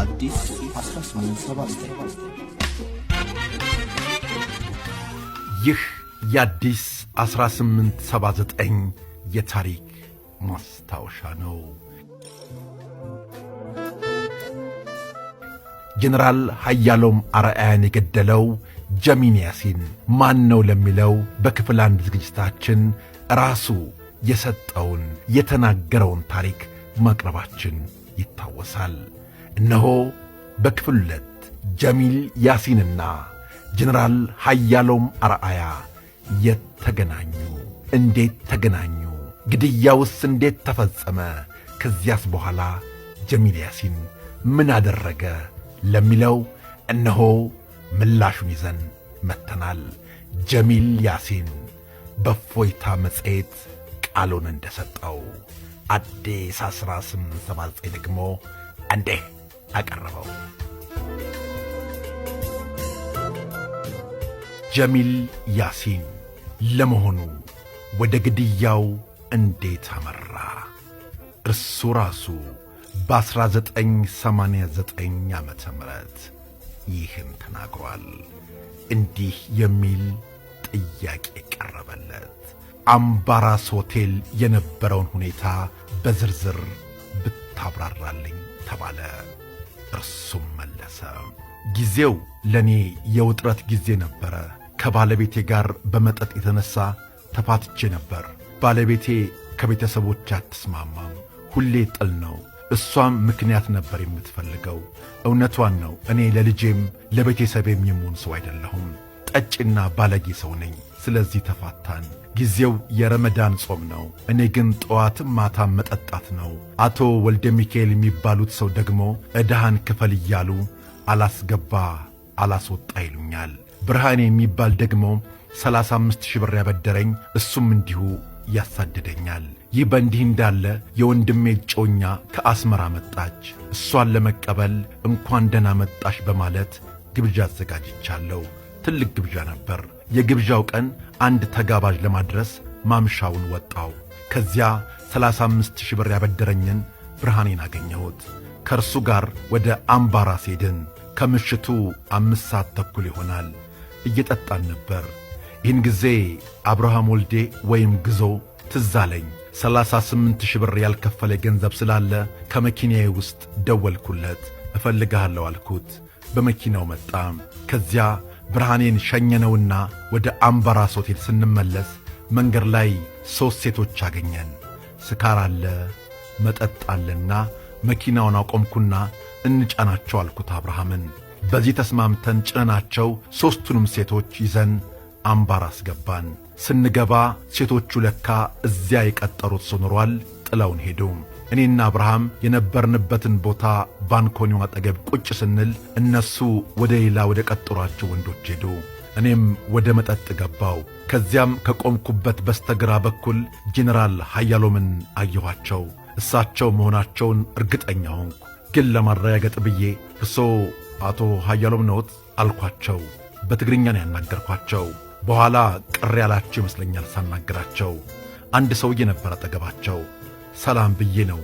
አዲስ 1879 ይህ የአዲስ 1879 የታሪክ ማስታወሻ ነው። ጀነራል ሀያሎም አርአያን የገደለው ጀሚን ያሲን ማን ነው ለሚለው በክፍል አንድ ዝግጅታችን ራሱ የሰጠውን የተናገረውን ታሪክ ማቅረባችን ይታወሳል። እነሆ በክፍል ሁለት ጀሚል ያሲንና ጀነራል ሀያሎም አርአያ የት ተገናኙ? እንዴት ተገናኙ? ግድያውስ እንዴት ተፈጸመ? ከዚያስ በኋላ ጀሚል ያሲን ምን አደረገ ለሚለው እነሆ ምላሹን ይዘን መጥተናል። ጀሚል ያሲን በእፎይታ መጽሔት ቃሉን እንደሰጠው አዲስ 1879 ደግሞ እንዲህ አቀረበው። ጀሚል ያሲን ለመሆኑ ወደ ግድያው እንዴት አመራ? እርሱ ራሱ በ1989 ዓ ም ይህን ተናግሯል። እንዲህ የሚል ጥያቄ ቀረበለት። አምባራስ ሆቴል የነበረውን ሁኔታ በዝርዝር ብታብራራልኝ ተባለ። እርሱም መለሰ፣ ጊዜው ለእኔ የውጥረት ጊዜ ነበረ። ከባለቤቴ ጋር በመጠጥ የተነሳ ተፋትቼ ነበር። ባለቤቴ ከቤተሰቦች አትስማማም፣ ሁሌ ጥል ነው። እሷም ምክንያት ነበር የምትፈልገው። እውነቷን ነው። እኔ ለልጄም ለቤተሰቤም የምሆን ሰው አይደለሁም። ጠጪና ባለጌ ሰው ነኝ። ስለዚህ ተፋታን። ጊዜው የረመዳን ጾም ነው። እኔ ግን ጠዋትም ማታም መጠጣት ነው። አቶ ወልደ ሚካኤል የሚባሉት ሰው ደግሞ ዕዳህን ክፈል እያሉ አላስገባ አላስወጣ ይሉኛል። ብርሃኔ የሚባል ደግሞ ሰላሳ አምስት ሺህ ብር ያበደረኝ እሱም እንዲሁ ያሳድደኛል። ይህ በእንዲህ እንዳለ የወንድሜ እጮኛ ከአስመራ መጣች። እሷን ለመቀበል እንኳን ደህና መጣሽ በማለት ግብዣ አዘጋጅቻለሁ። ትልቅ ግብዣ ነበር። የግብዣው ቀን አንድ ተጋባዥ ለማድረስ ማምሻውን ወጣው። ከዚያ 35 ሺህ ብር ያበደረኝን ብርሃኔን አገኘሁት። ከእርሱ ጋር ወደ አምባራስ ሄድን። ከምሽቱ አምስት ሰዓት ተኩል ይሆናል። እየጠጣን ነበር። ይህን ጊዜ አብርሃም ወልዴ ወይም ግዞ ትዝ አለኝ። 38 ሺህ ብር ያልከፈለ ገንዘብ ስላለ ከመኪናዬ ውስጥ ደወልኩለት። እፈልግሃለሁ አልኩት። በመኪናው መጣ። ከዚያ ብርሃኔን ሸኘነውና ወደ አምባራስ ሆቴል ስንመለስ መንገድ ላይ ሦስት ሴቶች አገኘን። ስካር አለ፣ መጠጥ አለና መኪናውን አቆምኩና እንጫናቸው አልኩት አብርሃምን። በዚህ ተስማምተን ጭነናቸው ሦስቱንም ሴቶች ይዘን አምባራስ ገባን። ስንገባ ሴቶቹ ለካ እዚያ የቀጠሩት ሰው ኖሯል። ጥለውን ሄዱም። እኔና አብርሃም የነበርንበትን ቦታ ባንኮኒው አጠገብ ቁጭ ስንል እነሱ ወደ ሌላ ወደ ቀጠሯቸው ወንዶች ሄዱ። እኔም ወደ መጠጥ ገባው። ከዚያም ከቆምኩበት በስተግራ በኩል ጄኔራል ሀያሎምን አየኋቸው። እሳቸው መሆናቸውን እርግጠኛ ሆንኩ። ግን ለማረጋገጥ ብዬ እሶ አቶ ሀያሎም ነዎት አልኳቸው። በትግርኛ ነው ያናገርኳቸው። በኋላ ቅር ያላቸው ይመስለኛል ሳናገራቸው። አንድ ሰውዬ ነበር አጠገባቸው። ሰላም ብዬ ነው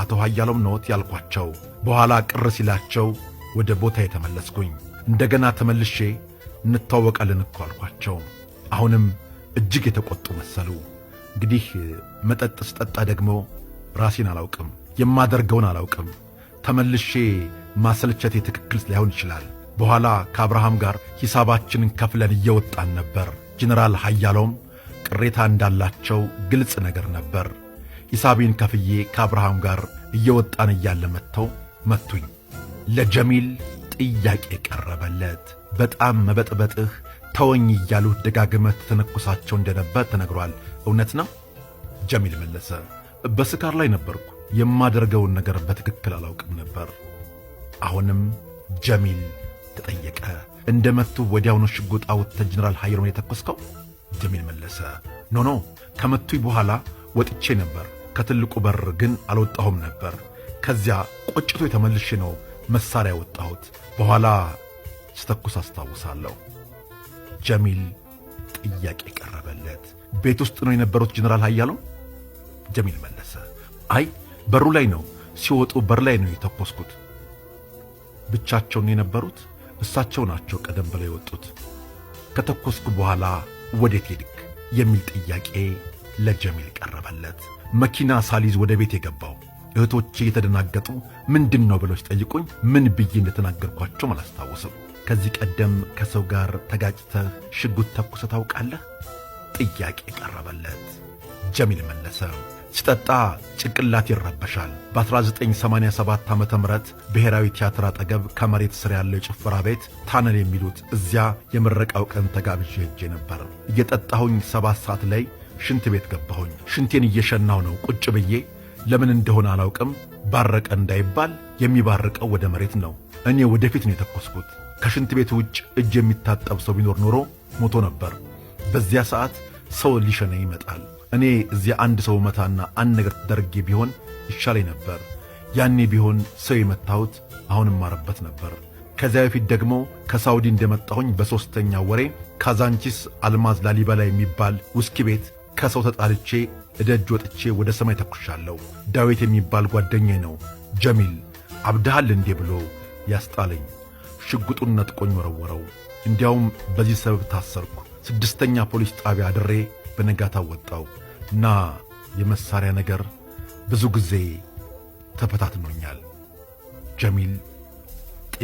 አቶ ኃያሎም ኖት ያልኳቸው። በኋላ ቅር ሲላቸው ወደ ቦታ የተመለስኩኝ። እንደገና ተመልሼ እንተዋወቃለን እኮ አልኳቸው። አሁንም እጅግ የተቆጡ መሰሉ። እንግዲህ መጠጥ ስጠጣ ደግሞ ራሴን አላውቅም፣ የማደርገውን አላውቅም። ተመልሼ ማሰልቸቴ ትክክል ላይሆን ይችላል። በኋላ ከአብርሃም ጋር ሂሳባችንን ከፍለን እየወጣን ነበር። ጀነራል ኃያሎም ቅሬታ እንዳላቸው ግልጽ ነገር ነበር። ሂሳቤን ከፍዬ ከአብርሃም ጋር እየወጣን እያለ መጥተው መቱኝ። ለጀሚል ጥያቄ ቀረበለት። በጣም መበጥበጥህ ተወኝ እያሉ ደጋግመህ ተተነኩሳቸው እንደነበር ተነግሯል። እውነት ነው? ጀሚል መለሰ፣ በስካር ላይ ነበርኩ። የማደርገውን ነገር በትክክል አላውቅም ነበር። አሁንም ጀሚል ተጠየቀ። እንደ መቱ ወዲያውኑ ሽጉጥ አውጥተህ ጀነራል ሀይሮን የተኮስከው? ጀሚል መለሰ፣ ኖ ከመቱኝ በኋላ ወጥቼ ነበር ከትልቁ በር ግን አልወጣሁም ነበር። ከዚያ ቆጭቶ የተመልሼ ነው መሳሪያ ወጣሁት በኋላ ስተኩስ አስታውሳለሁ። ጀሚል ጥያቄ ቀረበለት። ቤት ውስጥ ነው የነበሩት ጀነራል ሀያለው? ጀሚል መለሰ፣ አይ በሩ ላይ ነው ሲወጡ በር ላይ ነው የተኮስኩት። ብቻቸውን የነበሩት እሳቸው ናቸው ቀደም ብለው የወጡት። ከተኮስኩ በኋላ ወዴት ሄድክ የሚል ጥያቄ ለጀሚል ቀረበለት። መኪና ሳሊዝ ወደ ቤት የገባው እህቶቼ የተደናገጡ ምንድን ነው ብለው ሲጠይቁኝ ምን ብዬ እንደተናገርኳቸውም አላስታውስም። ከዚህ ቀደም ከሰው ጋር ተጋጭተህ ሽጉጥ ተኩሰ ታውቃለህ? ጥያቄ ቀረበለት። ጀሚል መለሰ፣ ሲጠጣ ጭንቅላት ይረበሻል። በ1987 ዓ ም ብሔራዊ ቲያትር አጠገብ ከመሬት ስር ያለው የጭፈራ ቤት ታነል የሚሉት እዚያ የምረቃው ቀን ተጋብዤ ሄጄ ነበር። እየጠጣሁኝ ሰባት ሰዓት ላይ ሽንት ቤት ገባሁኝ። ሽንቴን እየሸናው ነው ቁጭ ብዬ ለምን እንደሆነ አላውቅም። ባረቀ እንዳይባል የሚባርቀው ወደ መሬት ነው። እኔ ወደፊት ነው የተኮስኩት። ከሽንት ቤት ውጭ እጅ የሚታጠብ ሰው ቢኖር ኖሮ ሞቶ ነበር። በዚያ ሰዓት ሰው ሊሸነ ይመጣል። እኔ እዚያ አንድ ሰው መታና አንድ ነገር ተደርጌ ቢሆን ይሻለኝ ነበር። ያኔ ቢሆን ሰው የመታሁት አሁን እማርበት ነበር። ከዚያ በፊት ደግሞ ከሳውዲ እንደመጣሁኝ በሦስተኛ ወሬ ካዛንቺስ አልማዝ ላሊበላ የሚባል ውስኪ ቤት ከሰው ተጣልቼ እደጅ ወጥቼ ወደ ሰማይ ተኩሻለሁ። ዳዊት የሚባል ጓደኛዬ ነው ጀሚል አብድሃል እንዴ ብሎ ያስጣለኝ። ሽጉጡን ነጥቆኝ ወረወረው። እንዲያውም በዚህ ሰበብ ታሰርኩ። ስድስተኛ ፖሊስ ጣቢያ አድሬ በነጋታ ወጣው እና የመሳሪያ ነገር ብዙ ጊዜ ተፈታትኖኛል። ጀሚል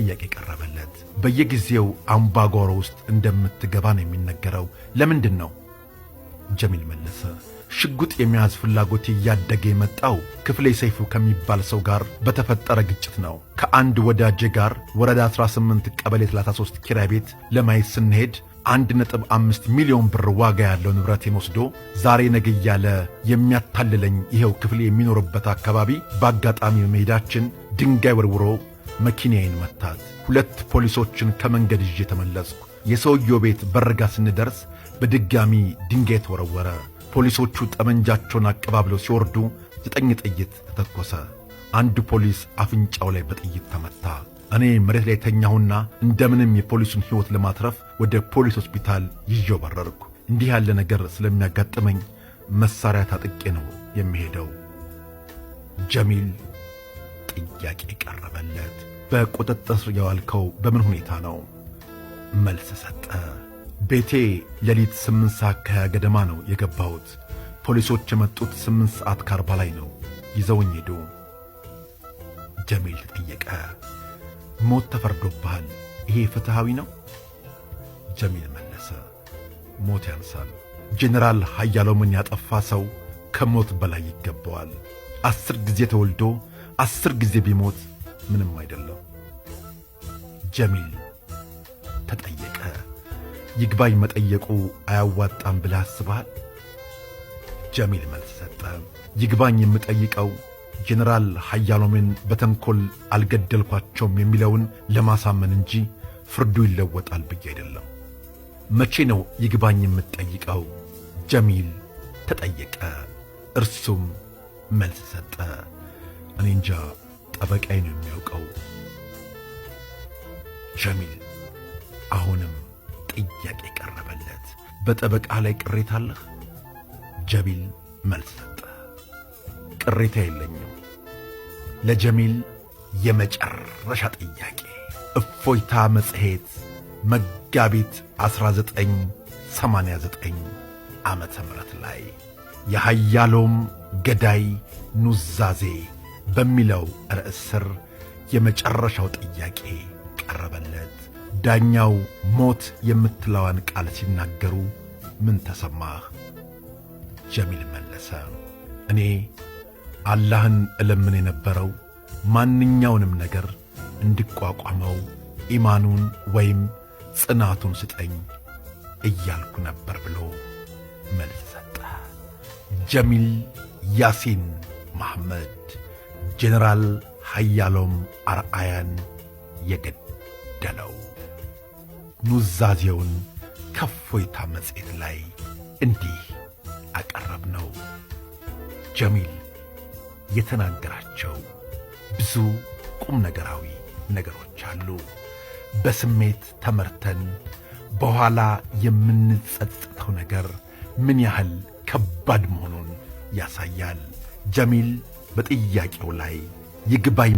ጥያቄ ቀረበለት። በየጊዜው አምባጓሮ ውስጥ እንደምትገባ ነው የሚነገረው። ለምንድን ነው? ጀሚል መለሰ። ሽጉጥ የመያዝ ፍላጎት እያደገ የመጣው ክፍሌ ሰይፉ ከሚባል ሰው ጋር በተፈጠረ ግጭት ነው። ከአንድ ወዳጄ ጋር ወረዳ 18 ቀበሌ 33 ኪራይ ቤት ለማየት ስንሄድ አንድ ነጥብ አምስት ሚሊዮን ብር ዋጋ ያለው ንብረቴን ወስዶ ዛሬ ነገ እያለ የሚያታልለኝ ይኸው ክፍሌ የሚኖርበት አካባቢ በአጋጣሚ መሄዳችን ድንጋይ ወርውሮ መኪናዬን መታት። ሁለት ፖሊሶችን ከመንገድ ይዤ ተመለስኩ። የሰውየው ቤት በርጋ ስንደርስ በድጋሚ ድንጋይ ተወረወረ። ፖሊሶቹ ጠመንጃቸውን አቀባብለው ሲወርዱ ዘጠኝ ጥይት ተተኮሰ። አንድ ፖሊስ አፍንጫው ላይ በጥይት ተመታ። እኔ መሬት ላይ ተኛሁና እንደምንም የፖሊሱን ሕይወት ለማትረፍ ወደ ፖሊስ ሆስፒታል ይዤው በረርኩ። እንዲህ ያለ ነገር ስለሚያጋጥመኝ መሳሪያ ታጥቄ ነው የሚሄደው። ጀሚል ጥያቄ ቀረበለት። በቁጥጥር ስር የዋልከው በምን ሁኔታ ነው? መልስ ሰጠ። ቤቴ ሌሊት ስምንት ሰዓት ከሀያ ገደማ ነው የገባሁት። ፖሊሶች የመጡት ስምንት ሰዓት ከአርባ ላይ ነው። ይዘውኝ ሄዱ። ጀሚል ተጠየቀ። ሞት ተፈርዶብሃል፣ ይሄ ፍትሐዊ ነው? ጀሚል መለሰ፣ ሞት ያንሳል። ጄኔራል ሀያሎምን ያጠፋ ሰው ከሞት በላይ ይገባዋል። አስር ጊዜ ተወልዶ አስር ጊዜ ቢሞት ምንም አይደለም። ጀሚል ተጠየቀ። ይግባኝ መጠየቁ አያዋጣም ብለህ አስበሃል? ጀሚል መልስ ሰጠ። ይግባኝ የምጠይቀው ጄኔራል ሀያሎሜን በተንኮል አልገደልኳቸውም የሚለውን ለማሳመን እንጂ ፍርዱ ይለወጣል ብዬ አይደለም። መቼ ነው ይግባኝ የምትጠይቀው? ጀሚል ተጠየቀ። እርሱም መልስ ሰጠ። እኔ እንጃ፣ ጠበቃዬ ነው የሚያውቀው። ጀሚል አሁንም ጥያቄ ቀረበለት። በጠበቃ ላይ ቅሬታ አለህ? ጀሚል መልስ ሰጠ። ቅሬታ የለኝም። ለጀሚል የመጨረሻ ጥያቄ እፎይታ መጽሔት መጋቢት 1989 ዓመተ ም ላይ የሃያሎም ገዳይ ኑዛዜ በሚለው ርዕስ ስር የመጨረሻው ጥያቄ ቀረበለት። ዳኛው ሞት የምትለዋን ቃል ሲናገሩ ምን ተሰማህ? ጀሚል መለሰ፣ እኔ አላህን እለምን የነበረው ማንኛውንም ነገር እንድቋቋመው ኢማኑን ወይም ጽናቱን ስጠኝ እያልኩ ነበር ብሎ መልስ ሰጠ። ጀሚል ያሲን መሐመድ ጄኔራል ሀያሎም አርአያን የገደለው ኑዛዜውን ከፎይታ መጽሔት ላይ እንዲህ አቀረብ ነው። ጀሚል የተናገራቸው ብዙ ቁም ነገራዊ ነገሮች አሉ። በስሜት ተመርተን በኋላ የምንጸጸተው ነገር ምን ያህል ከባድ መሆኑን ያሳያል። ጀሚል በጥያቄው ላይ ይግባኝ